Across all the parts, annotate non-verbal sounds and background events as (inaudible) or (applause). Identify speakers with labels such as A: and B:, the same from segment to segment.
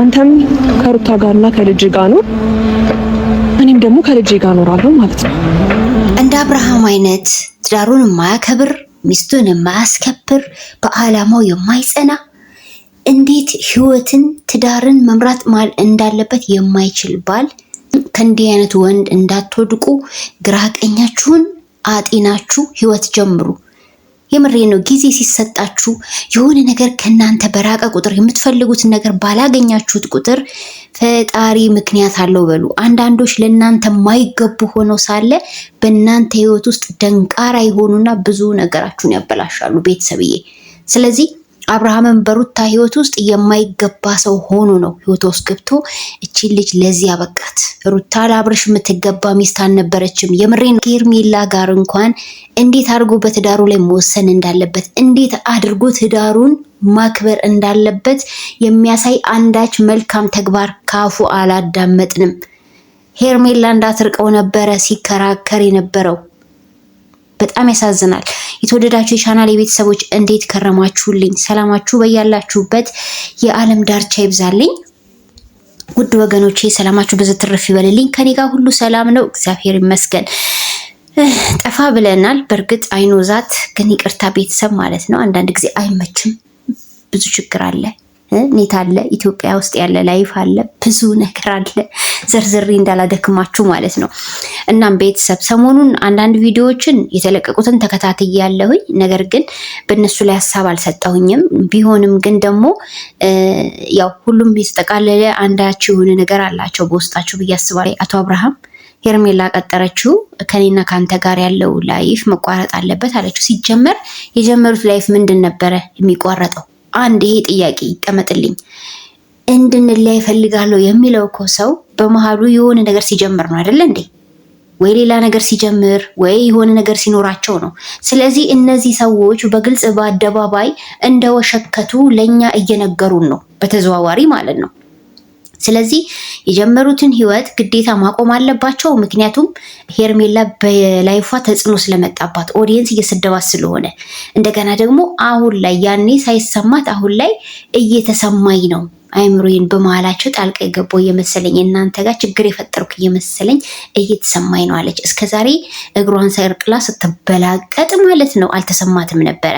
A: አንተም ከሩታ ጋርና ከልጅ ጋር ኑር፣ እኔም ደግሞ ከልጅ ጋር እኖራለሁ ማለት ነው።
B: እንደ አብርሃም አይነት ትዳሩን የማያከብር ሚስቱን የማያስከብር በዓላማው የማይጸና እንዴት ህይወትን ትዳርን መምራት እንዳለበት የማይችል ባል ከእንዲህ አይነት ወንድ እንዳትወድቁ ግራ ቀኛችሁን አጤናችሁ ህይወት ጀምሩ። የምሬ ነው። ጊዜ ሲሰጣችሁ የሆነ ነገር ከእናንተ በራቀ ቁጥር የምትፈልጉትን ነገር ባላገኛችሁት ቁጥር ፈጣሪ ምክንያት አለው በሉ። አንዳንዶች ለእናንተ የማይገቡ ሆነው ሳለ በእናንተ ህይወት ውስጥ ደንቃራ የሆኑና ብዙ ነገራችሁን ያበላሻሉ ቤተሰብዬ። ስለዚህ አብርሃምን በሩታ ህይወት ውስጥ የማይገባ ሰው ሆኖ ነው ህይወት ውስጥ ገብቶ እቺ ልጅ ለዚህ አበቃት። ሩታ ለአብርሽ የምትገባ ሚስት አልነበረችም። የምሬን ከሄርሜላ ጋር እንኳን እንዴት አድርጎ በትዳሩ ላይ መወሰን እንዳለበት እንዴት አድርጎ ትዳሩን ማክበር እንዳለበት የሚያሳይ አንዳች መልካም ተግባር ካፉ አላዳመጥንም። ሄርሜላ እንዳትርቀው ነበረ ሲከራከር የነበረው። በጣም ያሳዝናል። የተወደዳችሁ የቻናል የቤተሰቦች እንዴት ከረማችሁልኝ? ሰላማችሁ በያላችሁበት የዓለም ዳርቻ ይብዛልኝ። ውድ ወገኖቼ ሰላማችሁ ብዙ ትርፍ ይበልልኝ። ከኔ ጋር ሁሉ ሰላም ነው፣ እግዚአብሔር ይመስገን። ጠፋ ብለናል። በእርግጥ አይኖ ዛት ግን ይቅርታ ቤተሰብ ማለት ነው። አንዳንድ ጊዜ አይመችም፣ ብዙ ችግር አለ፣ ኔት አለ፣ ኢትዮጵያ ውስጥ ያለ ላይፍ አለ፣ ብዙ ነገር አለ። ዘርዝሬ እንዳላደክማችሁ ማለት ነው። እናም ቤተሰብ ሰሞኑን አንዳንድ ቪዲዮዎችን የተለቀቁትን ተከታትዬ ያለሁኝ፣ ነገር ግን በእነሱ ላይ ሀሳብ አልሰጠሁኝም። ቢሆንም ግን ደግሞ ያው ሁሉም የተጠቃለለ አንዳች የሆነ ነገር አላቸው በውስጣችሁ ብዬ አስባለሁ። አቶ አብርሃም ሄርሜላ ቀጠረችው። ከኔና ከአንተ ጋር ያለው ላይፍ መቋረጥ አለበት አለችው። ሲጀመር የጀመሩት ላይፍ ምንድን ነበረ የሚቋረጠው? አንድ ይሄ ጥያቄ ይቀመጥልኝ። እንድንለያይ እፈልጋለሁ የሚለው እኮ ሰው በመሀሉ የሆነ ነገር ሲጀምር ነው አይደለ እንዴ? ወይ ሌላ ነገር ሲጀምር ወይ የሆነ ነገር ሲኖራቸው ነው። ስለዚህ እነዚህ ሰዎች በግልጽ በአደባባይ እንደወሸከቱ ለእኛ እየነገሩን ነው፣ በተዘዋዋሪ ማለት ነው። ስለዚህ የጀመሩትን ህይወት ግዴታ ማቆም አለባቸው። ምክንያቱም ሄርሜላ በላይፏ ተጽዕኖ ስለመጣባት ኦዲየንስ እየሰደባት ስለሆነ፣ እንደገና ደግሞ አሁን ላይ ያኔ ሳይሰማት አሁን ላይ እየተሰማኝ ነው አይምሮዬን በመሀላቸው ጣልቃ የገባው እየመሰለኝ እናንተ ጋር ችግር የፈጠርኩ እየመሰለኝ እየተሰማኝ ነው አለች። እስከዛሬ እግሯን ሰርቅላ ስትበላቀጥ ማለት ነው አልተሰማትም ነበረ።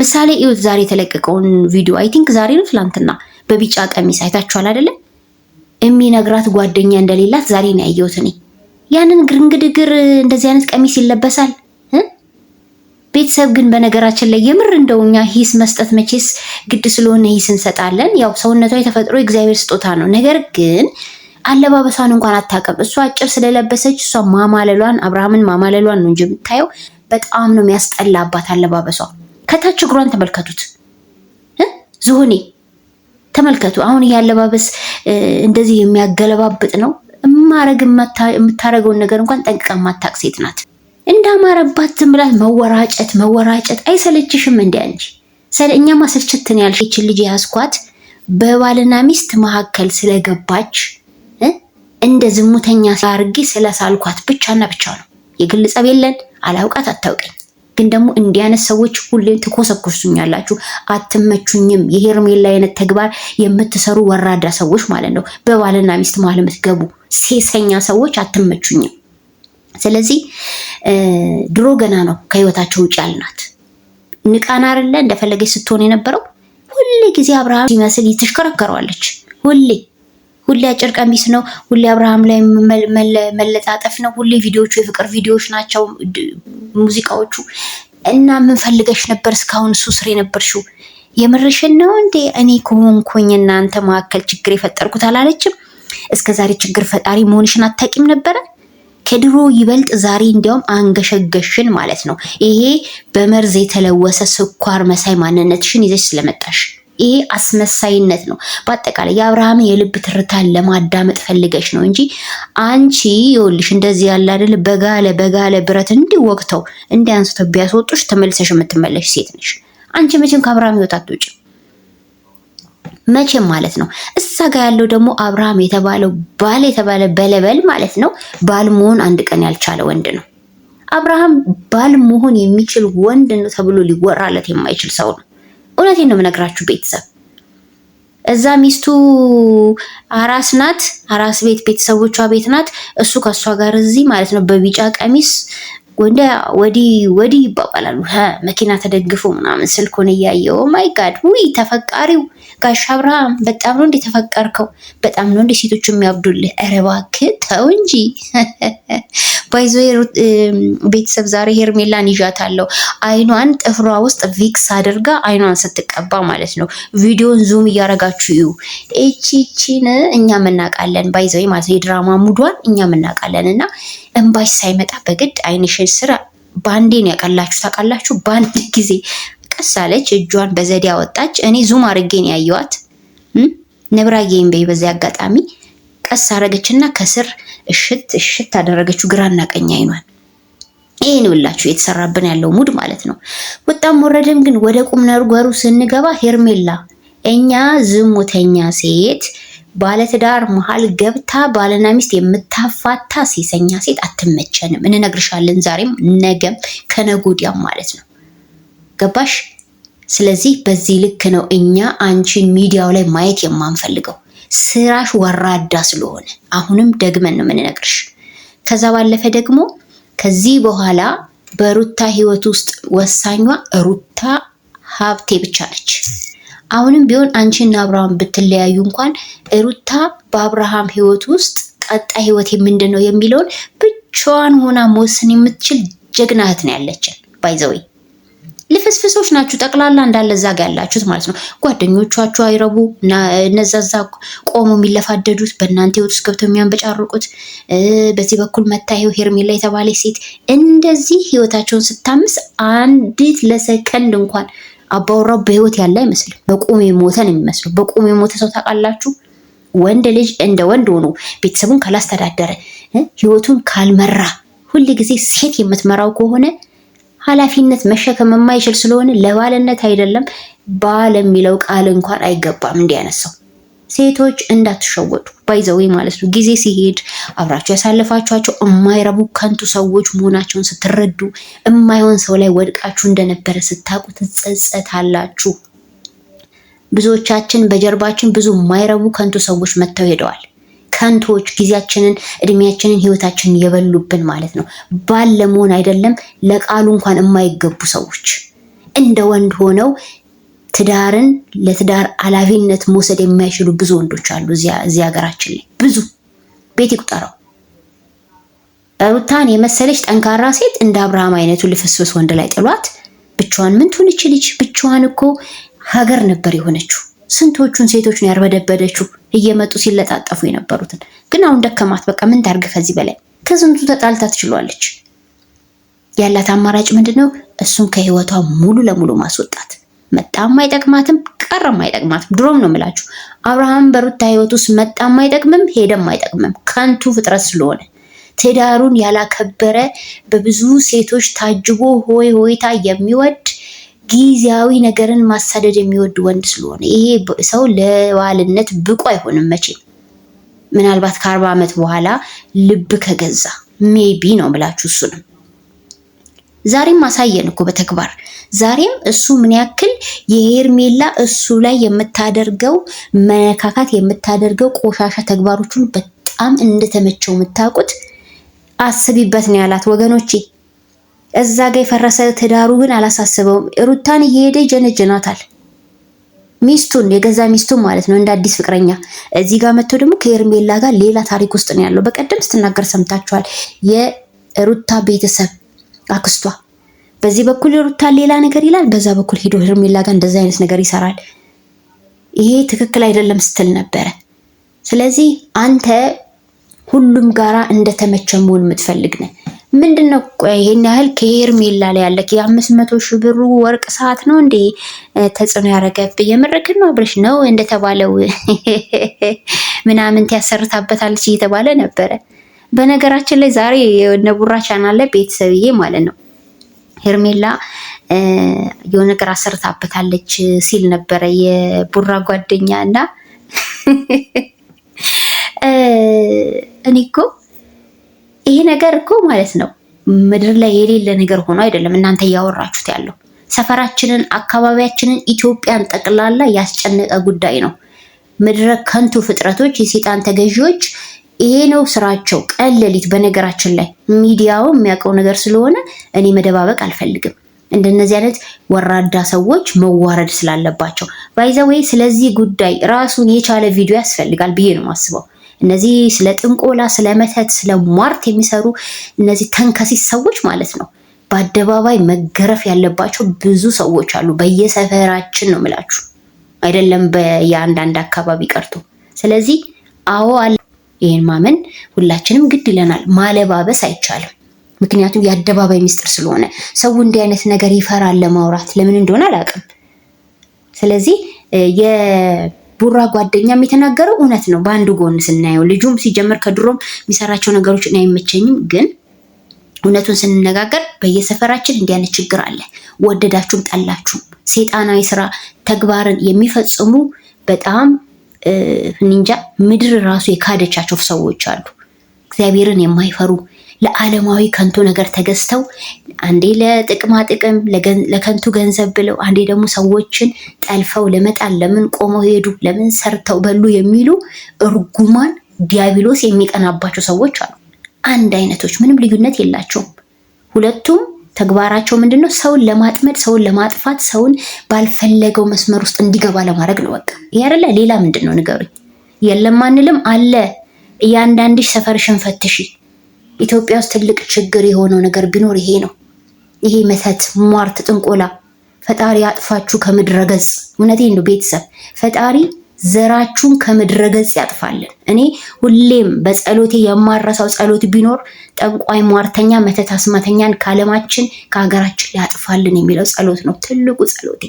B: ምሳሌ ይኸውት ዛሬ የተለቀቀውን ቪዲዮ አይ ቲንክ ዛሬ ነው ትላንትና፣ በቢጫ ቀሚስ አይታችኋል አይደለም? የሚነግራት ጓደኛ እንደሌላት ዛሬ ነው ያየሁት እኔ። ያንን ግርንግድግር እንደዚህ አይነት ቀሚስ ይለበሳል ቤተሰብ ግን በነገራችን ላይ የምር እንደው እኛ ሂስ መስጠት መቼስ ግድ ስለሆነ ሂስ እንሰጣለን። ያው ሰውነቷ የተፈጥሮ የእግዚአብሔር ስጦታ ነው። ነገር ግን አለባበሷን እንኳን አታውቅም። እሷ አጭር ስለለበሰች እሷ ማማለሏን አብርሃምን ማማለሏን ነው እንጂ የምታየው በጣም ነው አባት አለባበሷ። ከታች እግሯን ተመልከቱት። ዝሆኔ ተመልከቱ። አሁን ይሄ አለባበስ እንደዚህ የሚያገለባብጥ ነው። እማረግ የምታረገውን ነገር እንኳን ጠንቅቃ የማታውቅ ሴት ናት። እንዳማረባት ዝም ብላት መወራጨት መወራጨት አይሰለችሽም? እንዲ አንቺ እኛማ ሰልችትን ያልሽ ልጅ ያስኳት በባልና ሚስት መካከል ስለገባች እንደ ዝሙተኛ አድርጌ ስለሳልኳት ብቻና ብቻ ነው። የግል ጸብ የለን። አላውቃት አታውቀኝ። ግን ደግሞ እንዲህ አይነት ሰዎች ሁሌ ትኮሰኮሱኛላችሁ፣ አትመቹኝም። የሄርሜላ አይነት ተግባር የምትሰሩ ወራዳ ሰዎች ማለት ነው። በባልና ሚስት መሃል የምትገቡ ሴሰኛ ሰዎች አትመቹኝም። ስለዚህ ድሮ ገና ነው ከህይወታቸው ውጭ ያልናት ንቃና አይደለ እንደፈለገች ስትሆን የነበረው ሁሌ ጊዜ አብርሃም ሲመስል ትሽከረከረዋለች። ሁሌ ሁሌ አጭር ቀሚስ ነው። ሁሌ አብርሃም ላይ መለጣጠፍ ነው። ሁሌ ቪዲዮቹ የፍቅር ቪዲዮዎች ናቸው፣ ሙዚቃዎቹ እና ምን ፈልገሽ ነበር እስካሁን እሱ ስር የነበርሽው? የምርሽን ነው እንዴ? እኔ ከሆንኩኝ እናንተ መካከል ችግር የፈጠርኩት አላለችም? እስከዛሬ ችግር ፈጣሪ መሆንሽን አታውቂም ነበረ? ከድሮ ይበልጥ ዛሬ እንዲያውም አንገሸገሽን ማለት ነው። ይሄ በመርዝ የተለወሰ ስኳር መሳይ ማንነትሽን ይዘሽ ስለመጣሽ ይሄ አስመሳይነት ነው። በአጠቃላይ የአብርሃም የልብ ትርታን ለማዳመጥ ፈልገሽ ነው እንጂ አንቺ ይኸውልሽ እንደዚህ ያለ አይደል በጋለ በጋለ ብረት እንዲወቅተው እንዲያንስተው እንዲህ ቢያስወጡሽ ተመልሰሽ የምትመለሽ ሴት ነሽ። አንቺ መቼም ከአብርሃም ህይወት አትወጪም። መቼም ማለት ነው። እሳ ጋ ያለው ደግሞ አብርሃም የተባለው ባል የተባለ በለበል ማለት ነው። ባል መሆን አንድ ቀን ያልቻለ ወንድ ነው። አብርሃም ባል መሆን የሚችል ወንድ ነው ተብሎ ሊወራለት የማይችል ሰው ነው። እውነቴን ነው የምነግራችሁ ቤተሰብ እዛ ሚስቱ አራስ ናት፣ አራስ ቤት ቤተሰቦቿ ቤት ናት። እሱ ከእሷ ጋር እዚህ ማለት ነው በቢጫ ቀሚስ ወንደ ወዲህ ወዲህ ይባባላሉ። መኪና ተደግፎ ምናምን ስልኩን እያየው ማይ ጋድ ውይ ተፈቃሪው ጋሽ አብርሃም በጣም ነው እንዴ ተፈቀርከው፣ በጣም ነው እንዴ ሴቶቹ የሚያብዱልህ። ኧረ እባክህ ተው እንጂ። (laughs) ባይዞ ቤተሰብ ዛሬ ሄርሜላን ይዣታለሁ። አይኗን ጥፍሯ ውስጥ ቪክስ አድርጋ አይኗን ስትቀባ ማለት ነው። ቪዲዮን ዙም እያረጋችሁ እዩ። እቺቺን እኛ ምናቃለን፣ ባይዘ ማለት ነው የድራማ ሙዷን እኛ ምናቃለን። እና እንባሽ ሳይመጣ በግድ አይንሽን ስራ ባንዴን ያቀላችሁ ታውቃላችሁ፣ በአንድ ጊዜ ቀስ አለች፣ እጇን በዘዴ አወጣች። እኔ ዙም አድርጌን ያየዋት ነብራዬን በይ። በዚያ አጋጣሚ ቀስ አረገችና ከስር እሽት እሽት አደረገችው ግራና ቀኝ አይኗን። ይሄን ብላችሁ የተሰራብን ያለው ሙድ ማለት ነው። ወጣም ወረደም ግን ወደ ቁም ነገሩ ስንገባ ሄርሜላ እኛ ዝሙተኛ ሴት ባለትዳር መሀል ገብታ ባልና ሚስት የምታፋታ ሴሰኛ ሴት አትመቸንም። እንነግርሻለን ዛሬም ነገም ከነጎዲያም ማለት ነው። ገባሽ? ስለዚህ በዚህ ልክ ነው እኛ አንቺን ሚዲያው ላይ ማየት የማንፈልገው ስራሽ ወራዳ ስለሆነ አሁንም ደግመን ነው የምንነግርሽ። ከዛ ባለፈ ደግሞ ከዚህ በኋላ በሩታ ህይወት ውስጥ ወሳኟ ሩታ ሀብቴ ብቻ ነች። አሁንም ቢሆን አንቺና አብርሃም ብትለያዩ እንኳን ሩታ በአብርሃም ህይወት ውስጥ ቀጣይ ህይወት የምንድን ነው የሚለውን ብቻዋን ሆና መወሰን የምትችል ጀግና እህት ነው ያለችን ባይዘወይ ልፍስፍሶች ናችሁ ጠቅላላ እንዳለ እዛ ጋ ያላችሁት ማለት ነው። ጓደኞቿችሁ አይረቡ እነዛ እዛ ቆሙ የሚለፋደዱት በእናንተ ህይወት ውስጥ ገብተው የሚያንበጫርቁት በዚህ በኩል መታየው ሄርሜላ የተባለ ሴት እንደዚህ ህይወታቸውን ስታምስ አንዲት ለሰከንድ እንኳን አባወራው በህይወት ያለ አይመስልም። በቁም የሞተ ነው የሚመስለው። በቁም የሞተ ሰው ታውቃላችሁ። ወንድ ልጅ እንደ ወንድ ሆኖ ቤተሰቡን ካላስተዳደረ ህይወቱን ካልመራ ሁል ጊዜ ሴት የምትመራው ከሆነ ኃላፊነት መሸከም የማይችል ስለሆነ ለባልነት አይደለም ባል የሚለው ቃል እንኳን አይገባም እንዲያነሳው ሴቶች እንዳትሸወጡ ባይዘዌ ማለት ነው። ጊዜ ሲሄድ አብራችሁ ያሳለፋችኋቸው የማይረቡ ከንቱ ሰዎች መሆናቸውን ስትረዱ የማይሆን ሰው ላይ ወድቃችሁ እንደነበረ ስታውቁ ትጸጸታላችሁ። ብዙዎቻችን በጀርባችን ብዙ የማይረቡ ከንቱ ሰዎች መጥተው ሄደዋል። ከንቶች ጊዜያችንን፣ እድሜያችንን፣ ህይወታችንን የበሉብን ማለት ነው። ባል ለመሆን አይደለም ለቃሉ እንኳን የማይገቡ ሰዎች እንደ ወንድ ሆነው ትዳርን ለትዳር አላፊነት መውሰድ የማይችሉ ብዙ ወንዶች አሉ እዚህ ሀገራችን ላይ ብዙ ቤት ይቁጠረው። ሩታን የመሰለች ጠንካራ ሴት እንደ አብርሃም አይነቱ ልፍስፍስ ወንድ ላይ ጥሏት ብቻዋን ምን ትሆን ይችልች? ብቻዋን እኮ ሀገር ነበር የሆነችው። ስንቶቹን ሴቶች ነው ያርበደበደችው እየመጡ ሲለጣጠፉ የነበሩትን። ግን አሁን ደከማት። በቃ ምን ታርግ ከዚህ በላይ ከስንቱ ተጣልታ ትችሏለች። ያላት አማራጭ ምንድነው? እሱን ከህይወቷ ሙሉ ለሙሉ ማስወጣት። መጣም አይጠቅማትም፣ ቀረም አይጠቅማትም። ድሮም ነው የምላችሁ አብርሃም በሩታ ህይወት ውስጥ መጣም አይጠቅምም፣ ሄደም አይጠቅምም። ከንቱ ፍጥረት ስለሆነ ትዳሩን ያላከበረ በብዙ ሴቶች ታጅቦ ሆይ ሆይታ የሚወድ ጊዜያዊ ነገርን ማሳደድ የሚወድ ወንድ ስለሆነ ይሄ ሰው ለባልነት ብቁ አይሆንም። መቼም ምናልባት ከአርባ ዓመት በኋላ ልብ ከገዛ ሜቢ ነው ብላችሁ እሱንም ዛሬም አሳየን እኮ በተግባር ዛሬም እሱ ምን ያክል የሄርሜላ እሱ ላይ የምታደርገው መነካካት የምታደርገው ቆሻሻ ተግባሮቹን በጣም እንደተመቸው የምታውቁት አስቢበት ነው ያላት ወገኖቼ። እዛ ጋ የፈረሰ ትዳሩ ግን አላሳስበውም። ሩታን እየሄደ ይጀነጀናታል። ሚስቱን የገዛ ሚስቱን ማለት ነው እንደ አዲስ ፍቅረኛ። እዚህ ጋር መጥቶ ደግሞ ከኤርሜላ ጋር ሌላ ታሪክ ውስጥ ነው ያለው። በቀደም ስትናገር ሰምታችኋል። የሩታ ቤተሰብ አክስቷ በዚህ በኩል ሩታን ሌላ ነገር ይላል፣ በዛ በኩል ሄዶ ኤርሜላ ጋር እንደዛ አይነት ነገር ይሰራል። ይሄ ትክክል አይደለም ስትል ነበረ። ስለዚህ አንተ ሁሉም ጋራ እንደተመቸ መሆን የምትፈልግ ነህ። ምንድን ነው? ቆይ ይሄን ያህል ከሄርሜላ ላይ ያለ የአምስት መቶ ሺህ ብሩ ወርቅ ሰዓት ነው እንዴ ተጽዕኖ ያደረገብ? የምርክን ነው አብርሽ ነው እንደተባለው (laughs) ምናምን ያሰርታበታለች እየተባለ ነበረ። በነገራችን ላይ ዛሬ የነቡራ ቻናል ላይ ቤተሰብዬ ማለት ነው ሄርሜላ የሆነ ነገር አሰርታበታለች ሲል ነበረ የቡራ ጓደኛ እና (laughs) እኔ እኮ ይሄ ነገር እኮ ማለት ነው ምድር ላይ የሌለ ነገር ሆኖ አይደለም እናንተ እያወራችሁት ያለው ሰፈራችንን፣ አካባቢያችንን፣ ኢትዮጵያን ጠቅላላ ያስጨነቀ ጉዳይ ነው። ምድረ ከንቱ ፍጥረቶች፣ የሴጣን ተገዢዎች ይሄ ነው ስራቸው ቀን ሌሊት። በነገራችን ላይ ሚዲያው የሚያውቀው ነገር ስለሆነ እኔ መደባበቅ አልፈልግም። እንደነዚህ አይነት ወራዳ ሰዎች መዋረድ ስላለባቸው ባይዘወይ ስለዚህ ጉዳይ ራሱን የቻለ ቪዲዮ ያስፈልጋል ብዬ ነው የማስበው። እነዚህ ስለ ጥንቆላ፣ ስለ መተት፣ ስለ ሟርት የሚሰሩ እነዚህ ተንከሲስ ሰዎች ማለት ነው በአደባባይ መገረፍ ያለባቸው ብዙ ሰዎች አሉ። በየሰፈራችን ነው ምላችሁ አይደለም በየአንዳንድ አካባቢ ቀርቶ። ስለዚህ አዎ አለ። ይህን ማመን ሁላችንም ግድ ይለናል። ማለባበስ አይቻልም። ምክንያቱም የአደባባይ ምስጢር ስለሆነ ሰው እንዲህ አይነት ነገር ይፈራል ለማውራት። ለምን እንደሆነ አላውቅም። ስለዚህ ቡራ ጓደኛም የተናገረው እውነት ነው። በአንድ ጎን ስናየው ልጁም ሲጀምር ከድሮም የሚሰራቸው ነገሮች እኔ አይመቸኝም፣ ግን እውነቱን ስንነጋገር በየሰፈራችን እንዲህ አይነት ችግር አለ። ወደዳችሁም ጠላችሁም ሴጣናዊ ስራ ተግባርን የሚፈጽሙ በጣም እንጃ ምድር ራሱ የካደቻቸው ሰዎች አሉ። እግዚአብሔርን የማይፈሩ ለዓለማዊ ከንቱ ነገር ተገዝተው አንዴ ለጥቅማ ጥቅም ለከንቱ ገንዘብ ብለው አንዴ ደግሞ ሰዎችን ጠልፈው ለመጣል ለምን ቆመው ሄዱ፣ ለምን ሰርተው በሉ የሚሉ እርጉማን ዲያብሎስ የሚቀናባቸው ሰዎች አሉ። አንድ አይነቶች፣ ምንም ልዩነት የላቸውም። ሁለቱም ተግባራቸው ምንድን ነው? ሰውን ለማጥመድ፣ ሰውን ለማጥፋት፣ ሰውን ባልፈለገው መስመር ውስጥ እንዲገባ ለማድረግ ነው። በቃ ይሄ አይደለ። ሌላ ምንድን ነው ንገሩኝ። የለም አንልም አለ። እያንዳንድሽ ሰፈርሽን ፈትሺ ኢትዮጵያ ውስጥ ትልቅ ችግር የሆነው ነገር ቢኖር ይሄ ነው። ይሄ መተት፣ ሟርት፣ ጥንቆላ ፈጣሪ ያጥፋችሁ ከምድረ ገጽ። እውነቴን ነው ቤተሰብ፣ ፈጣሪ ዘራችሁን ከምድረ ገጽ ያጥፋልን። እኔ ሁሌም በጸሎቴ የማረሳው ጸሎት ቢኖር ጠንቋይ፣ ሟርተኛ፣ መተት፣ አስማተኛን ከዓለማችን ከሀገራችን ያጥፋልን የሚለው ጸሎት ነው ትልቁ ጸሎቴ።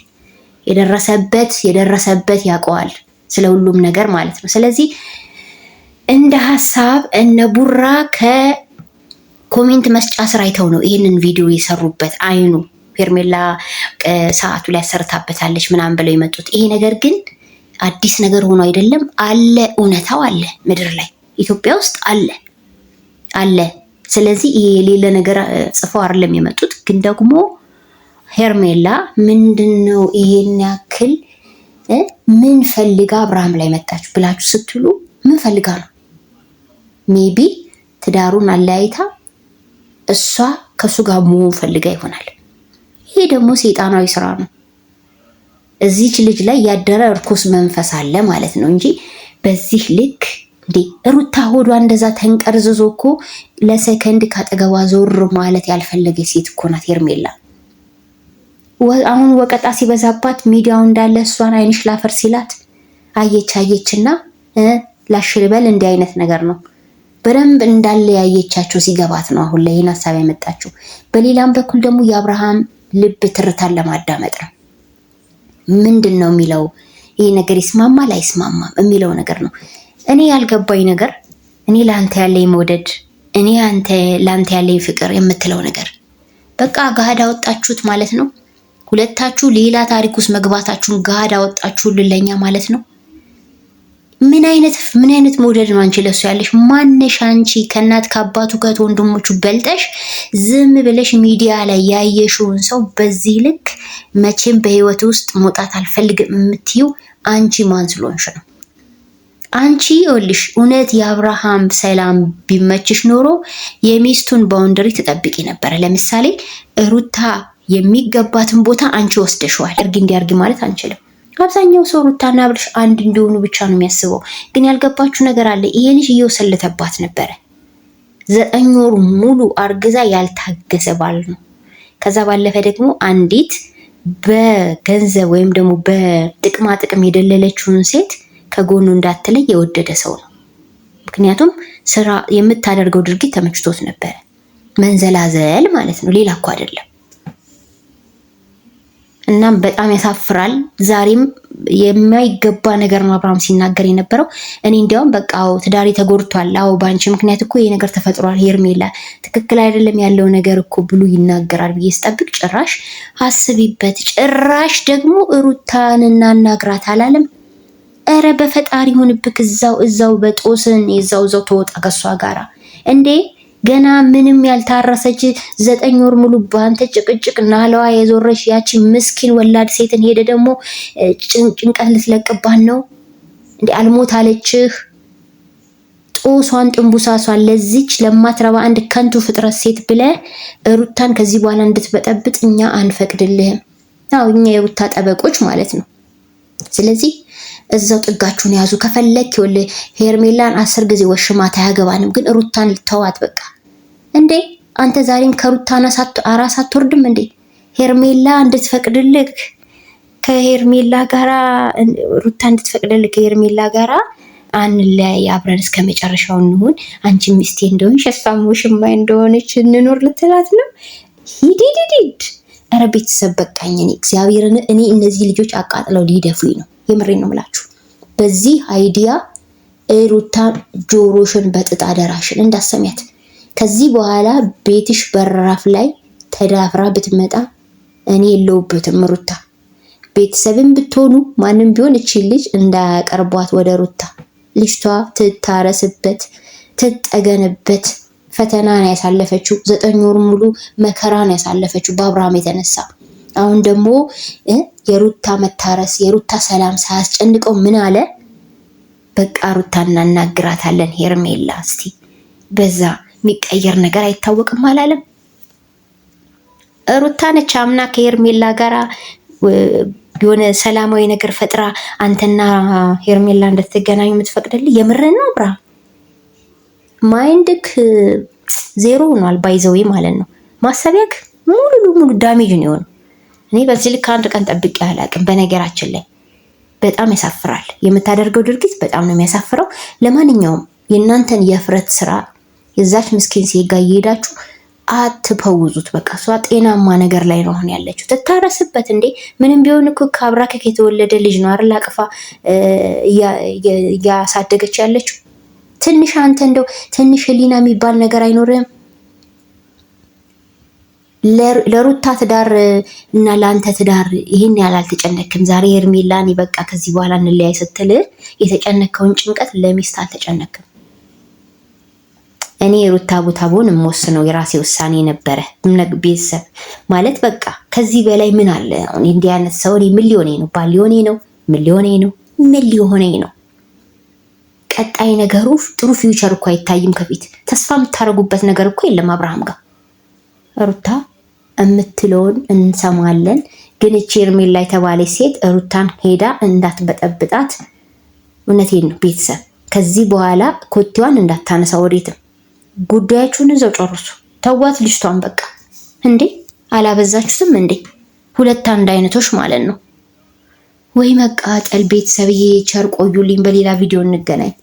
B: የደረሰበት የደረሰበት ያውቀዋል ስለ ሁሉም ነገር ማለት ነው። ስለዚህ እንደ ሀሳብ እነ ቡራ ከ ኮሜንት መስጫ ስራ አይተው ነው ይህንን ቪዲዮ የሰሩበት። አይኑ ፌርሜላ ሰዓቱ ላይ አሰርታበታለች ምናምን ብለው የመጡት ይሄ ነገር ግን አዲስ ነገር ሆኖ አይደለም። አለ እውነታው አለ፣ ምድር ላይ ኢትዮጵያ ውስጥ አለ አለ። ስለዚህ ይሄ የሌለ ነገር ጽፈው አይደለም የመጡት። ግን ደግሞ ሄርሜላ ምንድን ነው ይሄን ያክል ምን ፈልጋ አብርሃም ላይ መጣችሁ ብላችሁ ስትሉ ምን ፈልጋ ነው ሜቢ ትዳሩን አለያይታ እሷ ከእሱ ጋር መሆን ፈልጋ ይሆናል። ይሄ ደግሞ ሰይጣናዊ ስራ ነው። እዚች ልጅ ላይ ያደረ እርኩስ መንፈስ አለ ማለት ነው እንጂ በዚህ ልክ እንዴ ሩታ ሆዷ እንደዛ ተንቀርዝዞ እኮ ለሰከንድ ካጠገቧ ዞር ማለት ያልፈለገ ሴት እኮ ናት ሄርሜላ። አሁን ወቀጣ ሲበዛባት ሚዲያው እንዳለ እሷን አይንሽ ላፈር ሲላት አየች አየችና ላሽልበል እንዲህ አይነት ነገር ነው። በደንብ እንዳለያየቻቸው ሲገባት ነው አሁን ላይ ይህን ሀሳብ ያመጣችው። በሌላም በኩል ደግሞ የአብርሃም ልብ ትርታን ለማዳመጥ ነው። ምንድን ነው የሚለው ይህ ነገር ይስማማል አይስማማም የሚለው ነገር ነው። እኔ ያልገባኝ ነገር እኔ ለአንተ ያለኝ መውደድ፣ እኔ ለአንተ ያለኝ ፍቅር የምትለው ነገር በቃ ጋህድ አወጣችሁት ማለት ነው። ሁለታችሁ ሌላ ታሪክ ውስጥ መግባታችሁን ጋህድ አወጣችሁልን ለኛ ማለት ነው። ምን አይነት ምን አይነት መውደድ ነው አንቺ ለሱ ያለሽ? ማነሽ አንቺ ከእናት ከአባቱ ጋር ወንድሞቹ በልጠሽ ዝም ብለሽ ሚዲያ ላይ ያየሽውን ሰው በዚህ ልክ መቼም በህይወት ውስጥ መውጣት አልፈልግም የምትዩ አንቺ ማን ስለሆንሽ ነው? አንቺ ይኸውልሽ፣ እውነት የአብርሃም ሰላም ቢመችሽ ኖሮ የሚስቱን ባውንደሪ ትጠብቂ ነበረ። ለምሳሌ ሩታ የሚገባትን ቦታ አንቺ ወስደሽዋል። እርግ እንዲያርግ ማለት አንችልም። አብዛኛው ሰው ሩታና አብርሽ አንድ እንዲሆኑ ብቻ ነው የሚያስበው። ግን ያልገባችሁ ነገር አለ። ይሄ ልጅ እየወሰለተባት ነበረ። ዘጠኝ ወር ሙሉ አርግዛ ያልታገሰ ባል ነው። ከዛ ባለፈ ደግሞ አንዲት በገንዘብ ወይም ደግሞ በጥቅማ ጥቅም የደለለችውን ሴት ከጎኑ እንዳትለይ የወደደ ሰው ነው። ምክንያቱም ስራ የምታደርገው ድርጊት ተመችቶት ነበረ። መንዘላዘል ማለት ነው፣ ሌላ እኮ አይደለም። እናም በጣም ያሳፍራል። ዛሬም የማይገባ ነገር ነው አብርሃም ሲናገር የነበረው። እኔ እንዲያውም በቃ አዎ ትዳሬ ተጎድቷል፣ አዎ በአንቺ ምክንያት እኮ ይሄ ነገር ተፈጥሯል፣ ሄርሜላ ትክክል አይደለም ያለው ነገር እኮ ብሎ ይናገራል ብዬ ስጠብቅ ጭራሽ አስቢበት፣ ጭራሽ ደግሞ ሩታን እናናግራት አላለም። እረ በፈጣሪ ሁንብክ፣ እዛው እዛው በጦስን የዛው እዛው ተወጣ ከሷ ጋራ እንዴ ገና ምንም ያልታረሰች ዘጠኝ ወር ሙሉ በአንተ ጭቅጭቅ ናለዋ የዞረች ያቺ ምስኪን ወላድ ሴትን ሄደ ደግሞ ጭንቀት ልትለቅባት ነው እንዴ? አልሞት አለችህ። ጦሷን ጥንቡሳሷን ለዚች ለማትረባ አንድ ከንቱ ፍጥረት ሴት ብለ ሩታን ከዚህ በኋላ እንድትበጠብጥ እኛ አንፈቅድልህም። አዎ እኛ የሩታ ጠበቆች ማለት ነው። ስለዚህ እዛው ጥጋችሁን ያዙ። ከፈለክ ይወል ሄርሜላን አስር ጊዜ ወሽማት አያገባንም፣ ግን ሩታን ተዋት በቃ። እንዴ አንተ ዛሬም ከሩታና አራስ አትወርድም እንዴ? ሄርሜላ እንድትፈቅድልክ ከሄርሜላ ጋራ ሩታ እንድትፈቅድልክ ከሄርሜላ ጋራ አንለያይ፣ አብረን እስከ መጨረሻው እንሁን። አንቺ ሚስቴ እንደሆንሽ እሷም ውሽማዬ እንደሆነች እንኖር ልትላት ነው? ሂዲዲዲድ ኧረ ቤተሰብ በቃኝ። እኔ እግዚአብሔርን እኔ እነዚህ ልጆች አቃጥለው ሊደፉኝ ነው። የምሬን ነው ምላችሁ። በዚህ አይዲያ ሩታ ጆሮሽን በጥጥ አደራሽን እንዳሰሚያት። ከዚህ በኋላ ቤትሽ በራፍ ላይ ተዳፍራ ብትመጣ እኔ የለውበትም። ሩታ ቤተሰብን ብትሆኑ ማንም ቢሆን እቺ ልጅ እንዳያቀርቧት ወደ ሩታ። ልጅቷ ትታረስበት፣ ትጠገንበት። ፈተናን ያሳለፈችው ዘጠኝ ወር ሙሉ ነው ያሳለፈችው በአብርሃም የተነሳ አሁን ደግሞ የሩታ መታረስ የሩታ ሰላም ሳያስጨንቀው ምን አለ፣ በቃ ሩታ እናናግራታለን ሄርሜላ እስቲ በዛ የሚቀየር ነገር አይታወቅም አላለም። ሩታ ነች አምና ከሄርሜላ ጋራ የሆነ ሰላማዊ ነገር ፈጥራ አንተና ሄርሜላ እንደተገናኙ የምትፈቅድልህ የምርን ነው። ብራ ማይንድክ ዜሮ ሆኗል፣ ባይዘዌ ማለት ነው። ማሰቢያክ ሙሉ ለሙሉ ዳሜጅ ነው የሆነው። እኔ በዚህ ልክ አንድ ቀን ጠብቄ አላውቅም። በነገራችን ላይ በጣም ያሳፍራል። የምታደርገው ድርጊት በጣም ነው የሚያሳፍረው። ለማንኛውም የእናንተን የፍረት ስራ የዛች ምስኪን ሴት ጋር እየሄዳችሁ አትፈውዙት። በቃ እሷ ጤናማ ነገር ላይ ነው አሁን ያለችው። ትታረስበት እንዴ! ምንም ቢሆን እኮ ከአብራከክ የተወለደ ልጅ ነው አይደል? አቅፋ እያሳደገች ያለችው። ትንሽ አንተ እንደው ትንሽ ሊና የሚባል ነገር አይኖርህም? ለሩታ ትዳር እና ለአንተ ትዳር ይህን ያህል አልተጨነክም። ዛሬ ሄርሜላን በቃ ከዚህ በኋላ እንለያይ ስትል የተጨነከውን ጭንቀት ለሚስት አልተጨነክም። እኔ የሩታ ቦታ ቦን የምወስነው የራሴ ውሳኔ ነበረ። ቤተሰብ ማለት በቃ ከዚህ በላይ ምን አለ? እንዲህ አይነት ሰው ምን ነው? ባል ሊሆኔ ነው? ምን ሊሆኔ ነው? ምን ነው? ቀጣይ ነገሩ ጥሩ ፊውቸር እኮ አይታይም። ከፊት ተስፋ የምታደርጉበት ነገር እኮ የለም አብርሃም ጋር ሩታ የምትለውን እንሰማለን። ግን እቺ ሄርሜላ የተባለች ሴት ሩታን ሄዳ እንዳትበጠብጣት። እውነቴን ነው ቤተሰብ፣ ከዚህ በኋላ ኮቴዋን እንዳታነሳ ወዴትም። ጉዳያችሁን እዛው ጨርሱ። ተዋት ልጅቷን በቃ። እንዴ አላበዛችሁትም እንዴ? ሁለት አንድ አይነቶች ማለት ነው። ወይ መቃጠል። ቤተሰብዬ ቸር ቆዩልኝ። በሌላ ቪዲዮ እንገናኝ።